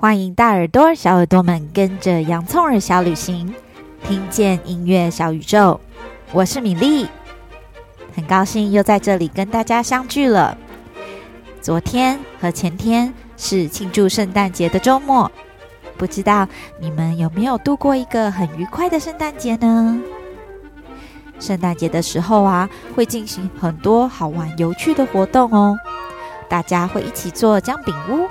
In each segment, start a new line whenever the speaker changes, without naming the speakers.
歡迎大耳朵、小耳朵們跟着洋蔥耳小旅行，聽見音樂小宇宙。我是米粒，很高興又在這裡跟大家相聚了。昨天和前天是慶祝聖誕節的周末，不知道你們有沒有度過一個很愉快的聖誕節呢？聖誕節的時候啊，會進行很多好玩有趣的活動哦，大家會一起做薑餅屋。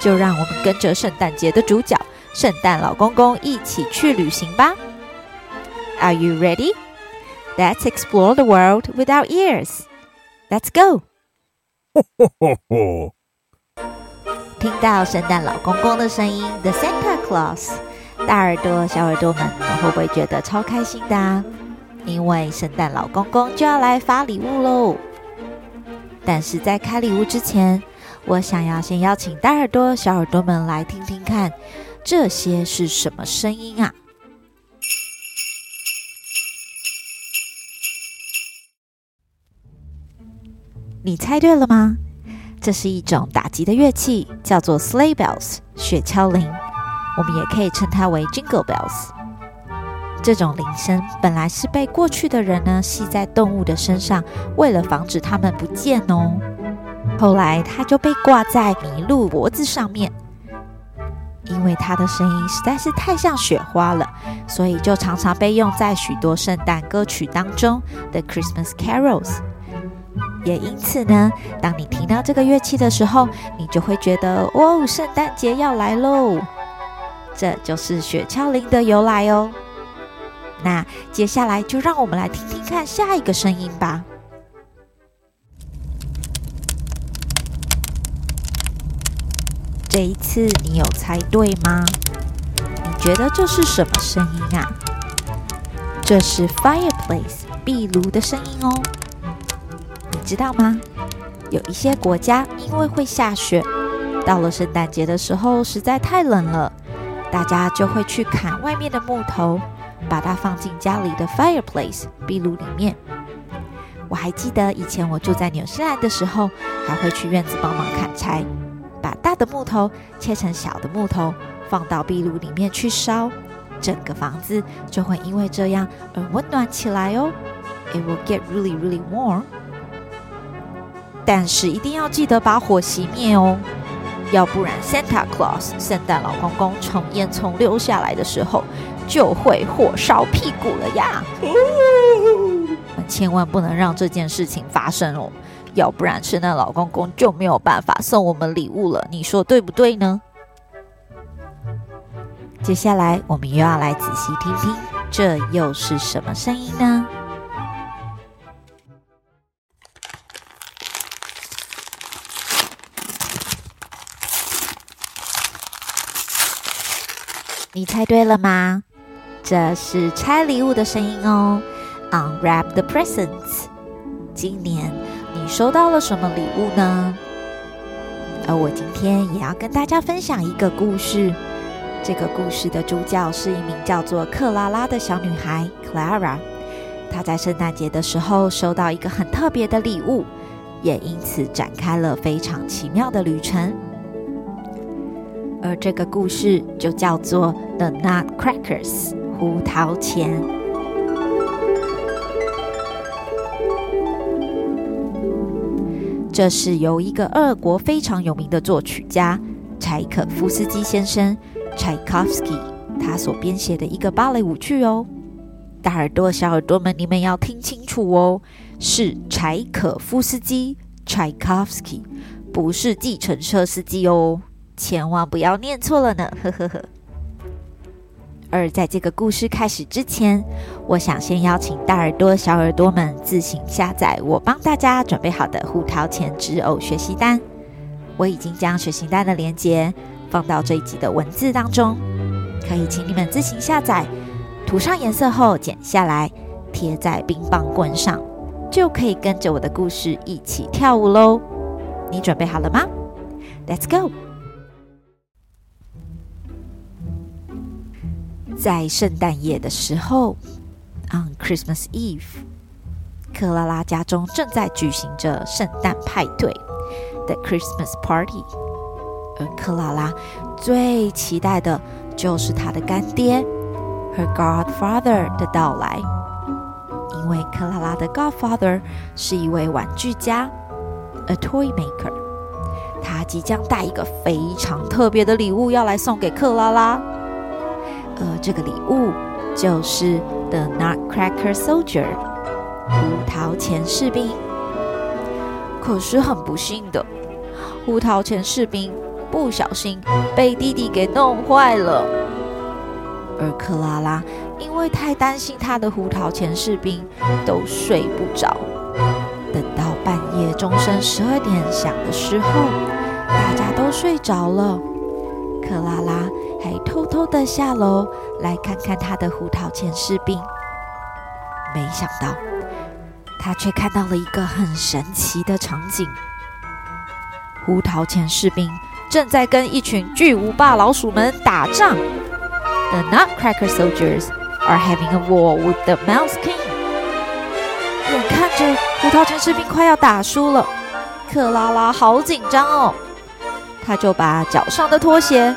就讓我們跟着聖誕節的主角聖誕老公公一起去旅行吧。Are you ready? Let's explore the world with our ears. Let's go. 吼吼吼吼！聽到聖誕老公公的聲音，The Santa Claus，大耳朵、小耳朵們，都會不會覺得超開心的啊？因為聖誕老公公就要來發禮物嘍。但是在開禮物之前，我想要先邀請大耳朵、小耳朵們來聽聽看，這些是什麼聲音啊？你猜對了嗎？這是一種打擊的樂器，叫做 sleigh bells（ 雪橇鈴），我們也可以稱它為 jingle bells。這種鈴聲本來是被過去的人呢，繫在動物的身上，為了防止它們不見哦。後來，它就被掛在麋鹿脖子上面，因為它的聲音實在是太像雪花了，所以就常常被用在許多聖誕歌曲當中，The Christmas Carols。也因此呢，當你聽到這個樂器的時候，你就會覺得，哇，聖誕節要來嘍！這就是雪橇鈴的由來哦。那接下來就讓我們來聽聽看下一個聲音吧。這一次你有猜對嗎？你覺得這是什麼聲音啊？這是 fireplace 壁爐的聲音哦。你知道嗎？有一些國家因為會下雪，到了聖誕節的時候實在太冷了，大家就會去砍外面的木頭，把它放進家裡的 fireplace 壁爐裡面。我還記得以前我住在紐西蘭的時候，還會去院子幫忙砍柴。把大的木頭切成小的木頭，放到壁爐裡面去燒，整個房子就會因為這樣而溫暖起來哦。It will get really, really warm。但是一定要記得把火熄滅哦，要不然 Santa Claus（ 聖誕老公公）從煙囪溜下來的時候，就會火燒屁股了呀！ 千萬不能讓這件事情發生哦。要不然，聖誕老公公就沒有辦法送我們禮物了。你說對不對呢？接下來，我們又要來仔細聽聽，這又是什麼聲音呢？你猜對了嗎？這是拆禮物的聲音哦。Unwrap the presents。今年，收到了什麼禮物呢？而我今天也要跟大家分享一個故事。這個故事的主角是一名叫做克拉拉的小女孩，Clara。她在聖誕節的時候收到一個很特別的禮物，也因此展開了非常奇妙的旅程。而這個故事就叫做《The Nutcrackers》（胡桃鉗）。這是由一個俄國非常有名的作曲家柴可夫斯基先生 （Tchaikovsky） 他所編寫的一個芭蕾舞劇哦。大耳朵、小耳朵們，你們要聽清楚哦，是柴可夫斯基 （Tchaikovsky），不是計程車司機哦，千萬不要念錯了呢。呵呵呵。而在這個故事開始之前，我想先邀請大耳朵、小耳朵們自行下載我幫大家準備好的胡桃鉗紙偶學習單。我已經將學習單的鏈接放到這一集的文字當中，可以請你們自行下載，塗上顏色後剪下來，貼在冰棒棍上，就可以跟着我的故事一起跳舞嘍。你準備好了嗎？Let's go！在聖誕夜的時候，on Christmas Eve，克拉拉家中正在舉行着聖誕派對，the Christmas party，而克拉拉最期待的就是她的乾爹，her godfather 的到來，因為克拉拉的 godfather 是一位玩具家，a toy maker，他即將帶一個非常特別的禮物要來送給克拉拉。呃，而這個禮物就是 The Nutcracker Soldier 胡桃鉗士兵，可是很不幸的，胡桃鉗士兵不小心被弟弟給弄壞了。而克拉拉因為太擔心她的胡桃鉗士兵，都睡不着。等到半夜鐘聲十二點響的時候，大家都睡着了，克拉拉。還偷偷的下樓來看看他的胡桃鉗士兵，沒想到他卻看到了一個很神奇的場景：胡桃鉗士兵正在跟一群巨無霸老鼠們打仗。The nutcracker soldiers are having a war with the mouse king。眼看着胡桃鉗士兵快要打輸了，克拉拉好緊張哦，他就把腳上的拖鞋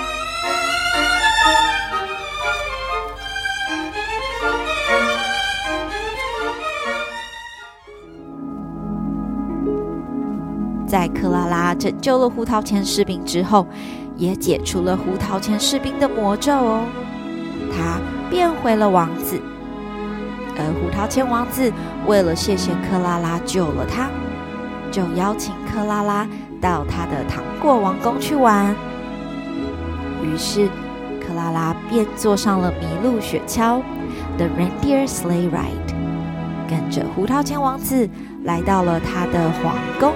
在克拉拉拯救了胡桃鉗士兵之後，也解除了胡桃鉗士兵的魔咒哦。他變回了王子，而胡桃鉗王子為了謝謝克拉拉救了他，就邀請克拉拉到他的糖果王宮去玩。於是克拉拉便坐上了麋鹿雪橇 （The Reindeer Sleigh Ride），跟着胡桃鉗王子來到了他的皇宮。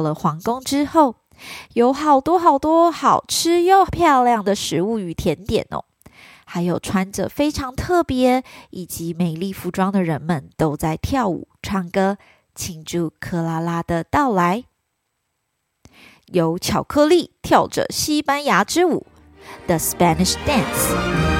到了皇宮之後，有好多好多好吃又漂亮的食物與甜點哦，還有穿着非常特別以及美麗服裝的人們都在跳舞、唱歌，慶祝克拉拉的到來。有巧克力跳着西班牙之舞，The Spanish Dance。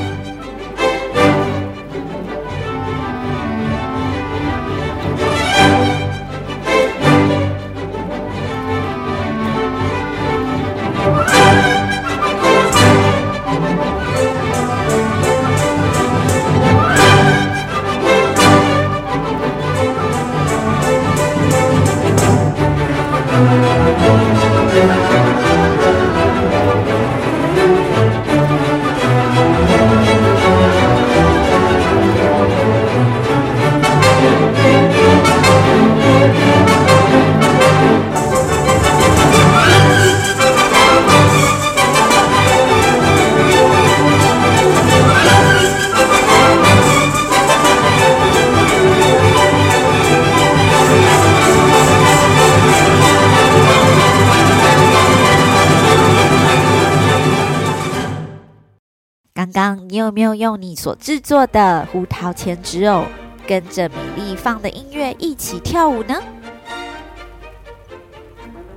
有沒有用你所製作的胡桃鉗紙偶，跟着米粒放的音樂一起跳舞呢？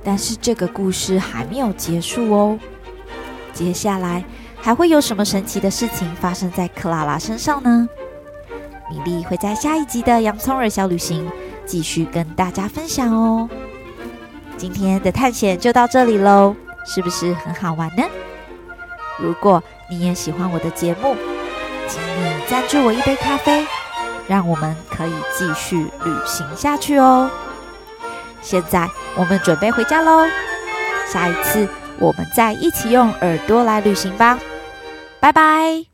但是這個故事還沒有結束哦，接下來還會有什麼神奇的事情發生在克拉拉身上呢？米粒會在下一集的洋蔥耳小旅行繼續跟大家分享哦。今天的探險就到這裡嘍，是不是很好玩呢？如果你也喜歡我的節目，請你贊助我一杯咖啡，讓我們可以繼續旅行下去哦。現在我們準備回家嘍，下一次我們再一起用耳朵來旅行吧，拜拜。